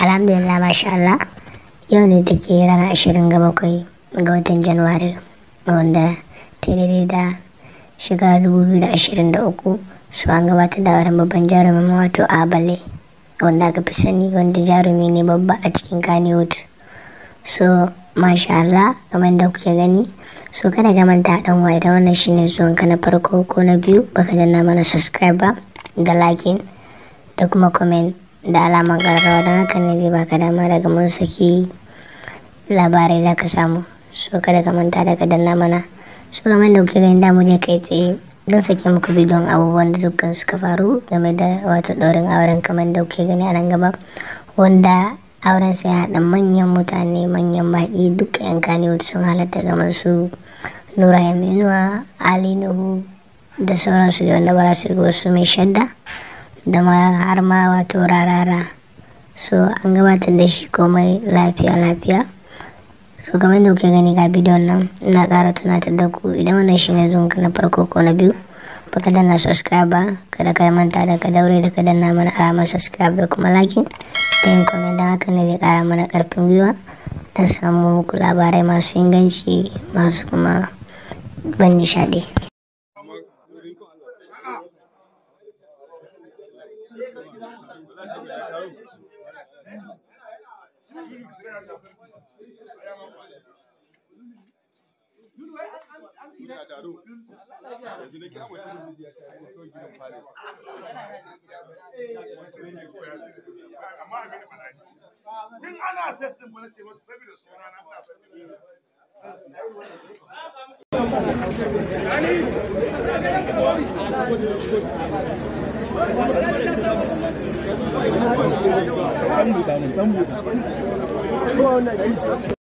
alhamdulillah masha Allah yau ne take rana ashirin ga bakwai ga watan januwari wanda ta daidai da shiga 2023 su an gabata da wani babban jarumin wato abale wanda aka fi sani wanda jarumi ne babba a cikin kanewood so masha Allah kamar da kuke gani so kada ga manta dan waye idan wannan shine zuwan ka na farko ko na biyu baka danna mana subscribe ba da like da kuma comment da alaman karkawa don haka ne zai baka dama daga mun saki labarai za ka samu so kada ka manta daga danna mana so game da kuke ganin damu je kai tsaye don saki muku bidon abubuwan da dukkan suka faru game da wato ɗaurin auren kamar da gani a nan gaba wanda auren sai haɗa manyan mutane manyan baƙi duka yan wata sun halatta kamar su nura yaminuwa ali nuhu da sauransu da wanda ba su su mai shadda da ma har ma wato rarara so an gabatar da shi komai lafiya-lafiya so game da kuke gani ga bidiyon nan na kara tunatar da ku idan wannan shi ne zuwanka na farko ko na biyu baka danna subscribe kada ka manta da ka daure da ka danna mana alamar subscribe da kuma like da yin komai don haka ne zai ƙara mana karfin gwiwa don samu muku labarai masu inganci masu kuma ban nishaɗi Lulu an da ana suna na Ali! Dan buɗa ne, dan buɗa.